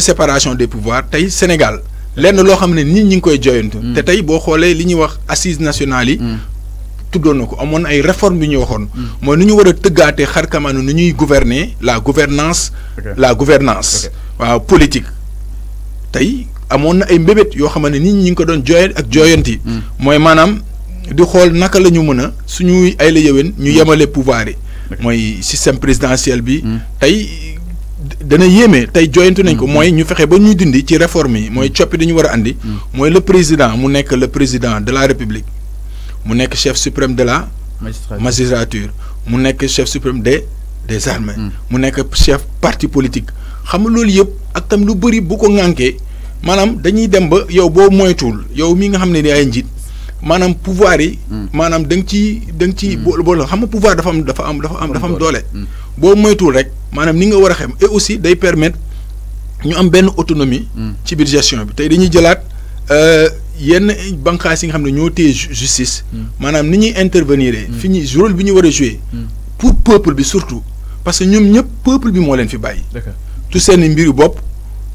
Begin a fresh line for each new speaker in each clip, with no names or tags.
séparation des pouvoirs tay Sénégal lenn lo xamné nit ñi ngi koy joyantu. té tay li wax assises nationales yi. Mm. ay réformes bi ñu waxone mm. ñu gouverner la gouvernance la gouvernance waaw politique tay amone ay mbébét yo xamné nit ñi ngi ko doon jooyal ak jooyanti. moy mm. manam di xol naka lañu mëna ay pouvoir système présidentiel bi. dana yéeme tey joyantu nañ ko mm-hmm. mooy ñu fexe ba ñuy dindi ci réforme yi mooy mm-hmm. coppi dañu war a indi mm-hmm. mooy le président mu nekk le président de la république mu nekk chef suprême de la. magistrature mu nekk chef suprême des des armées. mu nekk chef parti politique. xam nga loolu yëpp ak tam lu bëri bu ko ŋànkee maanaam dañuy dem ba yow boo moytuwul yow mii nga xam ne ni ay njiit maanaam pouvoir yi. Mm. maanaam da nga ciy da nga ciy. Mm. boo xam nga pouvoir dafa am dafa am dafa am dafa am doole. Mm. bo moytuwul rek manam ni nga wara xam et aussi day permettre ñu am benn autonomie. Hmm. ci bir gestion bi tay dañuy euh yenn banqaas yi nga xam ñoo téye justice. Manam hmm. ni ñuy intervenir. Hmm. fi ñi rôle bi ñu wara jouer. pour peuple bi surtout parce que ñom ñëpp peuple bi mo leen fi bàyyi. tout sen mbiru bop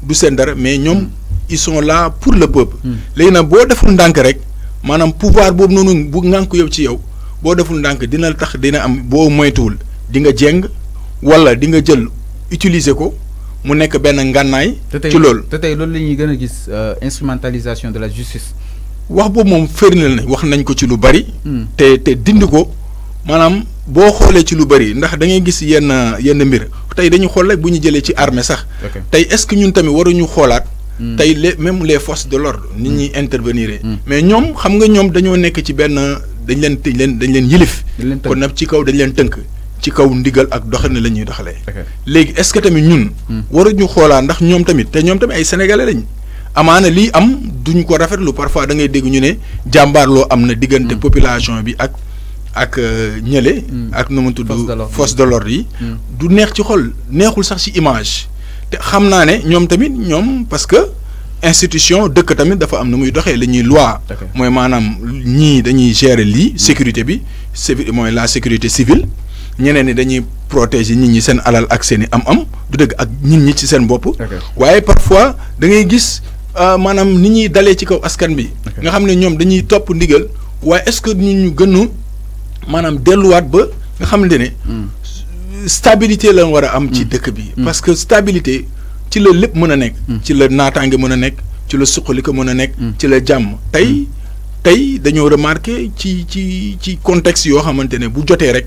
du sen dara mais ñom ils sont là pour le peuple. leena bo deful ndank rek manam pouvoir bob nonu bu ngank yow ci yow bo deful ndank dina tax dina am bo moytuwul di nga jeng. wala di nga jël utiliser ko mu nekk benn ngànnaay. ci loolu
te tey loolu la ñuy gën a gis euh, instrumentalisation de la justice.
wax boobu moom firndeel na wax nañ ko ci lu bari. Hmm. te te dindi ko maanaam boo xoolee ci lu bari ndax da ngay gis yenn yenn mbir tey dañu xool rek bu ñu jëlee ci armée sax. tey est-ce que ñun tamit waruñu xoolaat. Hmm. tey les même les forces de l'ordre nit hmm. ñi intervenir. mais ñoom xam nga ñoom dañoo nekk ci benn dañ leen dañ leen dañ leen yilif. kon nag ci kaw dañ leen tënk. ci kaw ndigal ak doxalin la ñuy doxalee. léegi est-ce que tamit ñun. Hmm. ñu xoolaat ndax ñoom tamit te ñoom tamit ay sénégalais lañ. amaana lii am duñu ko rafetlu parfois da ngay dégg ñu ne jàmbaarloo am na. diggante hmm. population bi ak ak euh, ñële. Hmm. ak nu mu tudd force de l'ordre yi. du neex ci xol neexul sax ci image. te xam naa ne ñoom tamit ñoom parce que institution dëkk tamit dafa am na muy doxee la ñuy loi. mooy maanaam ñii dañuy gérer lii sécurité bi. sévi mooy la sécurité civile. ñeneen yi dañuy protéger nit ñi seen alal ak seen i am-am du dëgg ak nit ñi ci seen bopp. waaye parfois da ngay gis euh, maanaam ni ñuy dalee ci kaw askan bi. nga xam ne ñoom dañuy topp ndigal waaye est-ce que ñu ñu gënu maanaam delluwaat ba nga xamante ne. Hmm. stabilité la war a am. ci hmm. dëkk bi. Hmm. parce que stabilité ci la lépp mën a nekk. ci la naataange mën a nekk ci la suqali ko mën a nekk. ci la jàmm tey. tey dañoo remarqué ci ci ci contexte yoo xamante ne bu jotee rek.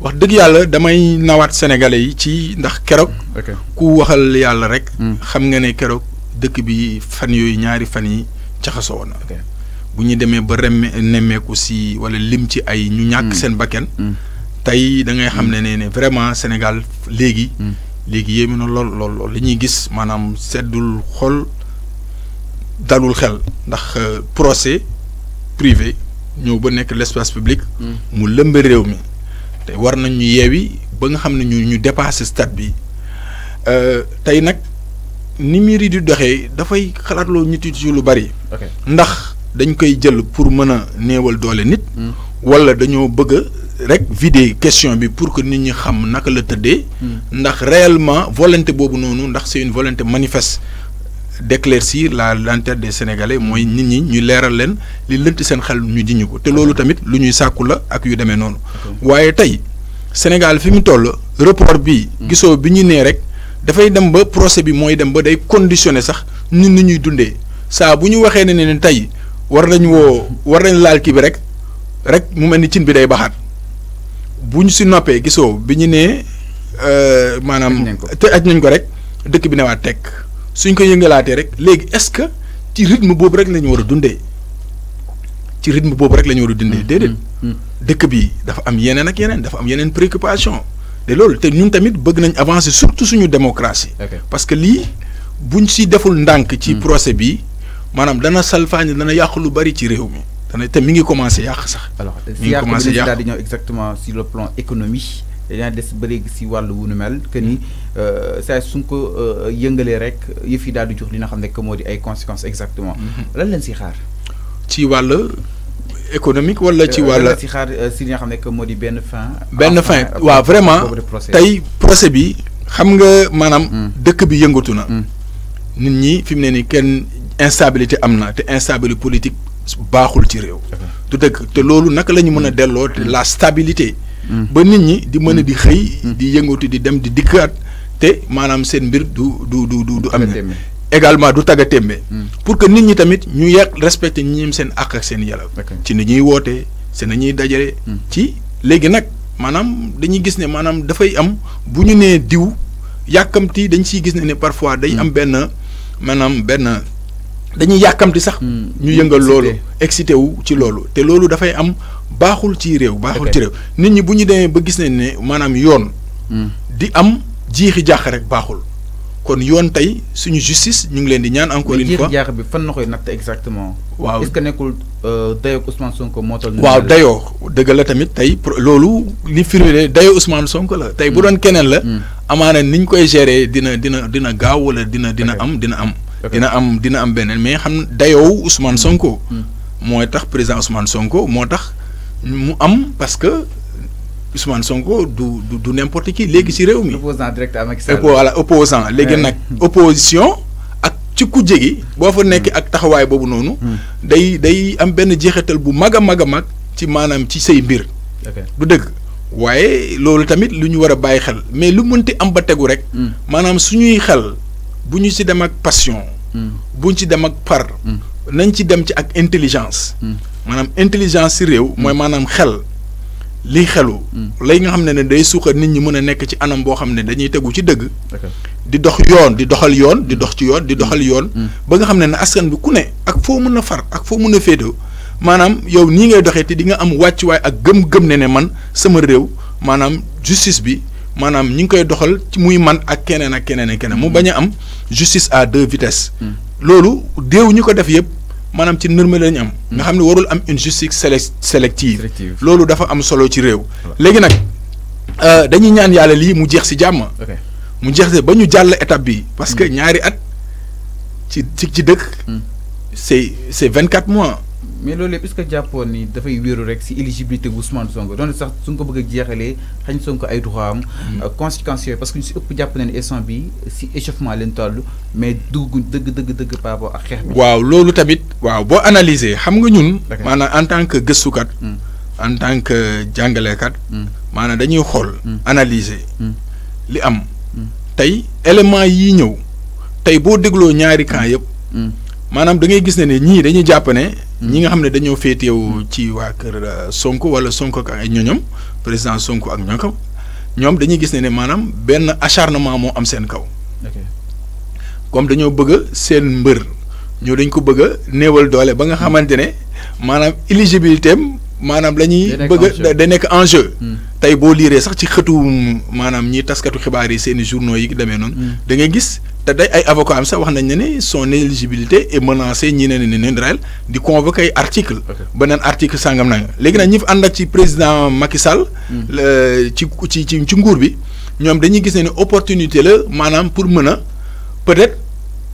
wax dëgg yàlla damay nawaat sénégalais yi ci ndax keroog. ku waxal yàlla rek. Hmm. xam nga ne keroog dëkk bi fan yooyu ñaari fan yi caxasoo woon na. bu ñu demee ba remme nemmeeku si wala lim ci ay. ñu ñàkk hmm. seen bakken. Hmm. tey da ngay xam ne ne ne vraiment Sénégal léegi. léegi yéeme na lool lool lool li ñuy gis maanaam seddul xol dalul xel ndax euh, procès privé ñëw ba nekk lespace publique mu lëmbe réew mi. war nañ ñu yeewi ba nga xam ne ñu ñu dépassé stade bi euh, tey nag ni mbir yi di doxee dafay xalaatloo nit yi lu bari. ndax dañ koy jël pour mën a néewal doole nit. Hmm. wala dañoo bëgg rek vider question bi pour que nit ñi xam naka la tëddee. Hmm. ndax réellement volonté boobu noonu ndax c'est une volonté manifeste. d'éclaircir la lanterne des sénégalais mooy nit ñi ñu leeral leen li lënt seen xel ñu jiñu ko te loolu tamit lu ñuy sàkku la ak yu demee noonu waaye tey Sénégal fi mu toll report bi gisoo bi ñu nee rek dafay dem ba procès bi mooy dem ba day conditionné sax ñun ni ñuy dundee saa bu ñu waxee ne ne tey war nañ woo war nañ laal kii bi rek rek mu mel ni cin bi day baxaat bu ñu si noppee gisoo bi ñu nee euh, maanaam te aj nañ ko rek dëkk bi newaat tek suñ ko yëngalaatee rek léegi est-ce que ci rythme boobu rek la ñu war a dundee ci rythme boobu rek la ñu war a dundee. Mm, déedéet mm, mm. dëkk bi dafa am yeneen ak yeneen dafa am yeneen préoccupation te loolu te ñun tamit bëgg nañ avancer surtout suñu démocratie. parce que lii buñ si deful ndànk. ci procès bi maanaam dana salfaañ dana yàq lu bari ci réew mi. dana te mi ngi commencé yàq
sax. mi ngi commencé yàq alors si yàq bi daal di ñëw exactement sur le plan économie. dañaa des ba léegi si wàllu wu nu mel que ni euh, saa suñ ko euh, yëngalee rek yëf yi daal di jox li nga xam ne que moo di ay conséquences exactement. Mm-hmm. lan leen si xaar.
ci wàll économique wala ci euh, wàll. si
xaar si nga xam ne que moo di benn fin. benn fin waaw vraiment tey
procès bi xam nga maanaam. Mm. dëkk bi yëngatu na. Mm. nit ñi fi mu ne ni kenn instabilité am na te instabilité politique baaxul ci réew. du dëgg te loolu naka la ñu mën a mm. delloo la stabilité. ba nit ñi di mën a di xëy. Mm. di yëngatu di dem di dikkaat te maanaam seen mbir du du du du du am. également du tagga témbe mm. pour que nit ñi tamit ñu yàq respecté ñim seen àq ak seen ci ni ñuy wootee seen nañuy dajale mm. ci léegi nag maanaam dañuy gis ne maanaam dafay am bu ñu nee diw yàkkamti dañ siy gis ne ne parfois day am benn maanaam benn dañuy yàkkamti sax ñu yëngal loolu excité wu ci loolu te loolu dafay am baaxul ci réew baaxul ci réew nit ñi bu ñu demee ba gis nañ ne maanaam yoon hmm. di am jiixi jàq rek baaxul kon yoon tey suñu justice ñu ngi leen di ñaan encore une fois jaax bi fan koy natt exactement. waaw est-ce que nekkul
euh, dayoo Ousmane moo toll. waaw dayoo
dëgg la tamit tey loolu li firnde dayoo Ousmane Sonko la. tey bu hmm. doon keneen la. Hmm. amaana ni ñu koy geree dina dina dina gaaw wala dina dina am dina am. dina am dina am beneen mais xam dayoo Ousmane Sonko. mooy tax président Ousmane Sonko moo tax. parce que Ousmane Sonko du n'importe qui légui ci rewmi opposant direct à Macky Sall voilà opposant légui nak opposition ak ci kujje djegi bo fa nek ak taxaway bobu nonou hmm. day day am ben djexetal bu maga maga ci du tamit mais lu qui am ba tegu rek. manam hmm. suñuy xel ci dem ak passion. Hmm. bu ci dem ak par. nañ ci dem intelligence. maanaam intelligence si réew mooy mm. maanaam xel liy xelu mm. lay nga xam ne ne day suuxat nit ñi mën a nekk ci anam boo xam ne dañuy tegu ci dëgg di dox yoon di doxal yoon di mm. dox ci yoon di doxal yoon ba nga xam ne ne askan bi ku ne ak foo mën a far ak foo mën a féetoo maanaam yow nii ngay doxee te di nga am wàccuwaay ak gëm-gëm ne ne man sama réew maanaam justice bi maanaam ñi ngi koy doxal ci muy man ak keneen ak keneen ak keneen mu bañ a am justice à deux vitesses loolu déew ñi ko def yëpp manam ci nërme lañ am. nga xamni warul am une justice sélec sélective. lolu dafa am solo ci réew. nak euh dañuy ñaan yàlla li mu jex ci jamm mu jeex si ba ñu étape bi. parce que mm. ñaari at ci ci deuk mm. c'est c'est 24 mois.
mais loolu yëpp est-ce que jàppoon ni dafay wéeru rek si éligibilité bu Ousmane Sonko doon sax su nga ko bëgg a jeexalee xañ Sonko ay droit am. Mm-hmm. Euh, conséquences yooyu parce que ñu si ëpp jàpp nañu instant bi si échauffement leen toll mais dugg dëgg dëgg dëgg par rapport ak xeex bi.
waaw loolu tamit waaw boo analyser xam nga ñun. maanaam en tant que gëstukat. Mm. en tant que jàngalekat. Mm. maanaam dañuy xool. Mm. analyser. li am. tey éléments yii ñëw tey boo dégloo ñaari camp yëpp. maanaam da ngay gis ne ne ñii dañuy jàpp ne. ñi nga xam ne dañoo féetewu ci waa kër euh, Sonko wala Sonko ak ay ñoñom président Sonko ak ñoom ñoom dañuy gis ne ne maanaam benn acharnement moo am seen kaw. comme dañoo bëgg seen mbër ñoo dañ ko bëgg a néewal doole ba nga xamante ne maanaam éligibilité maanaam la ñuy bëgg a da nekk en jeu hmm. tey boo liiree sax ci xëtu maanaam ñi taskatu xibaar yi seen i journaux yi demee noonu hmm. dangay gis te day ay avocat am sax wax nañ ne ne son éligibilité est menacée ñi ne ne ne Israël di convoquer ay article beneen article sàngam nanga léegi nag ñi fi ànd ak ci président Macky Sall hmm. ci ci ci ci nguur bi ñoom dañuy gis ne ne opportunité la maanaam pour mën a peut-être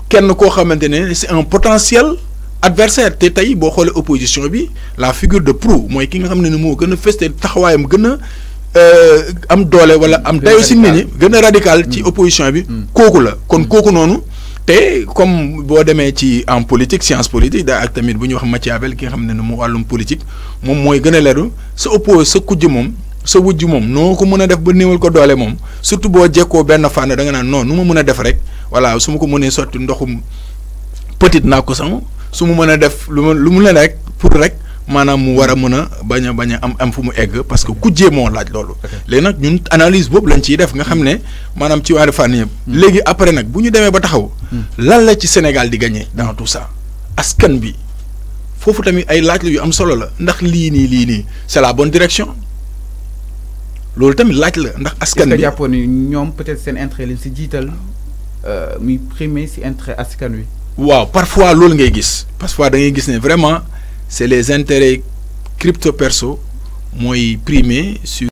kenn koo xamante ne c'est un potentiel adversaire te tey boo xoolee opposition bi la figure de proue mooy ki nga xam ne ni moo gën a feste taxawaayam gën a euh, am doole wala am dayo si nit ñi gën a radical ci mm. opposition bi mm. kooku la kon mm. kooku noonu te comme boo demee ci en politique science politique daa ak tamit bu ñu wax Machiavel ki nga xam ne ni mu wàllum politique moom mooy gën a leeru sa oppose sa kujj moom sa wujj moom noo ko mën a def ba néewal ko doole moom surtout boo jekkoo benn fànn da nga naan non nu ma mën a def rek su ma ko mënee sotti ndoxum petit naa ko sama su mu mën a def lu mu lu mu leen rek pour rek maanaam mu war a mën a bañ a bañ a am am fu mu egg parce que kujjee moo laaj loolu. léegi nag ñun analyse boobu lañ ciy def nga xam ne maanaam ci wàllu fànn yëpp. Hmm. léegi après nag bu ñu demee ba taxaw. Hmm. lan la ci Sénégal di gagné dans hmm. tout ça askan bi foofu tamit ay laaj la yu am solo la ndax lii nii lii nii c'est la bonne direction. loolu tamit laaj la ndax askan bi jàppoon
ni ñoom peut-être seen intérêt lañ si jiital euh, muy primé si
intérêt askan wi. Wow, parfois l'on ngay gis parfois da ngay gis vraiment c'est les intérêts crypto perso moi primé sur